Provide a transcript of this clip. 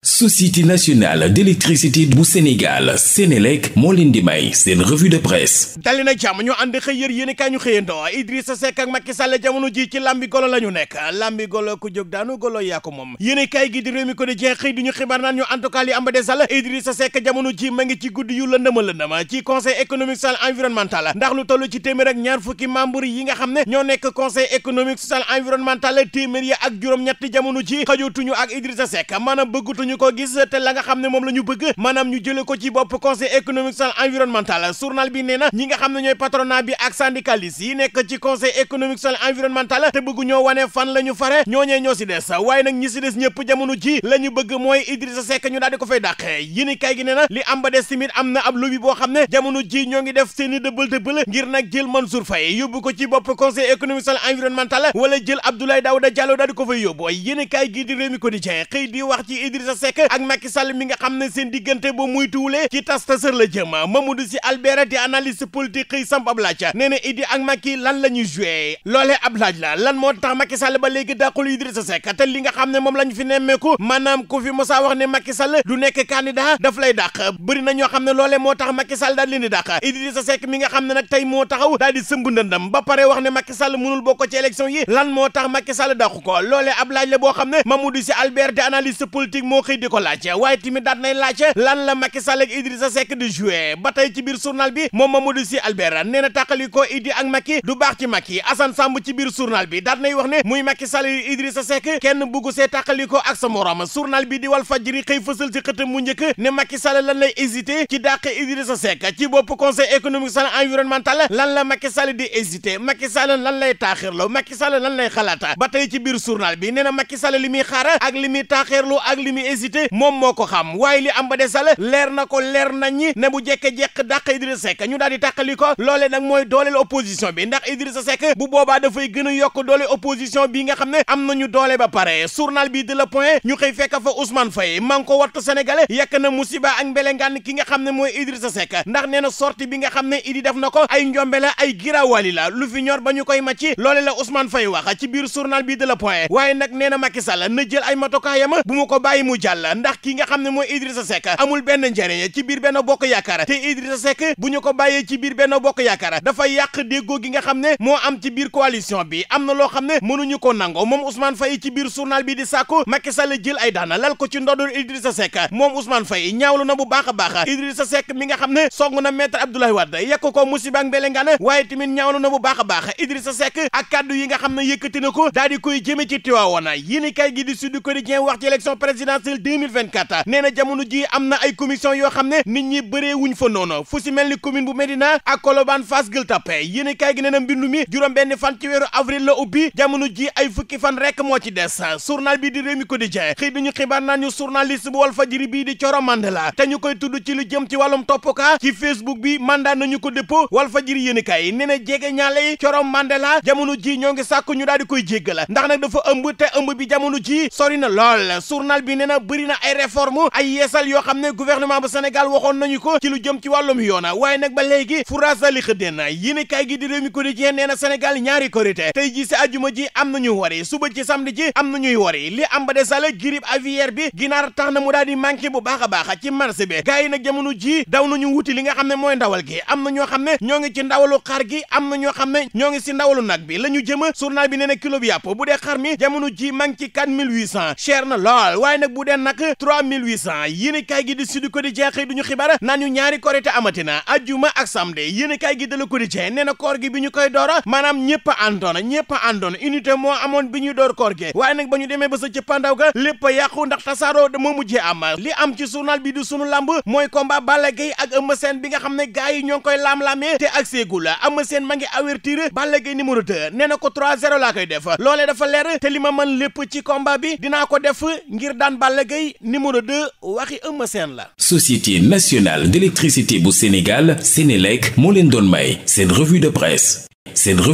société nationale d'électricité bu Sénégal Sénélec moo leen di may seen revue de presse dali na jàmm ñu ànd xëy yër yéen i kaay ñu xëyandoo Idrissa Seck ak Macky Sall jamono ji ci làmbi golo la nekk làmbi golo ku jóg daanu golo yaa ko moom yéen i kaay gi di Rewmi Quotidien xëy du ñu xibaar naan ñu en tout cas li amba desal Idrissa Seck jamono ji ma ngi ci guddi yu lëndëma lëndëma ci conseil économique social environnemental ndax lu toll ci téeméer ñu ko gis te la nga xam ne moom la ñu bëgg maanaam ñu jële ko ci bopp conseil économique social environnemental journal bi nee na ñi nga xam ne ñooy patronat bi ak syndicalistes yi nekk ci conseil économique social environnemental te bëgg ñoo wane fan la ñu fare ñooñee ñoo si des waaye nag ñi si des ñëpp jamono ji la ñu bëgg mooy Idrissa Seck ñu daal di ko fay dàqee yéen kay gi nee na li am ba des tamit am na ab lobby boo xam ne jamono ji ñoo ngi def seeni dëbbal dëbbal ngir nag jël Mansour Faye yóbbu ko ci bopp conseil économique social environnemental wala jël Abdoulaye Daouda Diallo daal di ko fay yóbbu yéen kay gi Seck ak Macky Sall mi nga xam ne seen diggante ba muy tuulee ci tas tasar la jëm Mamadou Sy Albert di analyste politique xëy samp ab laaj nee na Idi ak Macky lan la ñuy joué loolee ab laaj la lan moo tax Macky Sall ba léegi dàqul Idrissa Seck te li nga xam ne moom la ñu fi nemmeeku maanaam ku fi mosaa wax ne Macky Sall du nekk candidat daf lay dàq bëri na ñoo xam ne loolee moo tax Macky Sall daal leen di dàq Idrissa Seck mi nga xam ne nag tey moo taxaw daal di sëmb ndëndam ba pare wax ne Macky Sall mënul bokk ci élection yi lan moo tax Macky Sall dàqu ko loolee ab laaj la boo xam ne Mamadou Sy Albert di analyste politique moo xëy di ko laajte waaye tamit daat nay laajte lan la Macky Sall ak Idrissa Seck di joué ba tey ci biir journal bi moom Mamadou Sy Albert nee na tàqali ko Idi ak sa morom journal bi di Walf Fadjri xëy fësal ci xëtam mu njëkk ne Macky Sall lan lay hésité ci biir journal bi nee na Macky Sall li ak li muy ak li hésité moom moo ko xam waaye li am ba desal leer na ko leer nañ ñi ne bu jekke-jekk dàq Idrissa Seck ñu daal di tàqali ko loole nag mooy dooleel opposition bi ndax Idrissa Seck bu boobaa dafay gën a yokk doole opposition bi nga xam ne am nañu doole ba pare journal bi de la point ñu xëy fekk fa Ousmane Faye man ko wattu sénégalais yekk na musiba ak mbelengaan ki nga xam ne mooy Idrissa Seck ndax nee na sortie bi nga xam ne Idi def na ko ay njombe la ay girawali la lu fi ñor ba ñu koy màcc loole la Ousmane Faye wax ci biir journal bi la point waaye nag nee na Macky Sall na jël ay matukaayam ko bàyyi mu jàll ndax ki nga xam ne mooy Idrissa Seck amul benn njëriñ ci biir benn bokk yaakaar te Idrissa Seck bu ñu ko bàyyee ci biir benn bokk yaakaar dafa yàq déggoo gi nga xam ne moo am ci biir coalition bi am na loo xam ne mënuñu ko nango moom Ousmane Faye ci biir journal bi di sàkku Macky Sall jël ay daana lal ko ci ndodul Idrissa Seck moom Ousmane Faye ñaawlu na bu baax a baax Idrissa Seck mi nga xam ne song na maître Abdoulaye Wade yekk ko musiba a baax Idrissa ko présidentielle 2024 nee na jamono ji am na ay commission yoo xam ne nit ñi bëree wuñ fa noonu fu si mel ni commune bu Médina ak Colobane Fass Gueule Tapée yéen kaay gi nee na mbindu mi juróom benn fan ci weeru avril la ubbi jamono ji ay fukki fan rek moo ci des journal bi di Rewmi Quotidien xëy dañu xibaar naan ñu journaliste bu Walfadjri bii di Thioro Mandela te ñu koy tudd ci lu jëm ci wàllum toppoka ci Facebook bi mandat nañu ko dépôt Walfadjri yéen kaay nee na jege ñaale yi Thioro Mandela jamono ji ñoo ngi sàkk ñu daal di koy jéggal ndax nag dafa ëmb te ëmb bi jamono ji sori na lool journal bi nee na bëri na ay réforme ay yeesal yoo xam ne gouvernement bu Sénégal waxoon nañu ko ci lu jëm ci wàllu wàllum yoona waaye nag ba léegi furasali xëddeen yéen kaay gi di Rewmi Quotidien nee na Sénégal ñaari korité tey jii si ajuma ji am nañuy wari suba ci samedi ji am nañuy wari li am ba desale grippe aviaire bi ginaar tax na mu daal di manqué bu baax a baax ci marché bi gars yi nag jamono ji daw nañu wuti li nga xam ne mooy ndawal gi am na ñoo xam ne ñoo ngi ci ndawalu xar gi am na ñoo xam ne ñoo ngi si ndawalu nag bi la ñu jëm journal bi nee na kilo bi bu dee xar mi jamono ji manqué quatre mille huit cher na lool dee nag 3800 yéen kaay gi di Sud Quotidien xëy duñu xibaar naan ñu ñaari korite amatina ajjuma ak samedi yéen kaay gi de Le Quotidien nee na koor gi bi ñu koy doora maanaam ñëpp a àndoon ñëpp a àndoon unité moo amoon bi ñuy door koor gi waaye nag ba ñu demee ba sa cëppandaw ga lépp a yàqu ndax tasaaroo moo mujjee am li am ci journal bi du sunu lamb mooy combat Balla Gaye ak Eumeu Sène bi nga xam ne gars yi ñoo ngi koy laam-laamee te ak seegul Eumeu Sène ma ngi avertir Balla Gaye numéro 2 nee na ko 3-0 laa koy def loolee dafa te li ma mën lépp ci combat bi dinaa ko def ngir daan Balla Balla Gaye numéro 2 waxi Eumeu Sène la société nationale d'électricité bu Sénégal Sénélec moo leen doon may seen revue de presse seen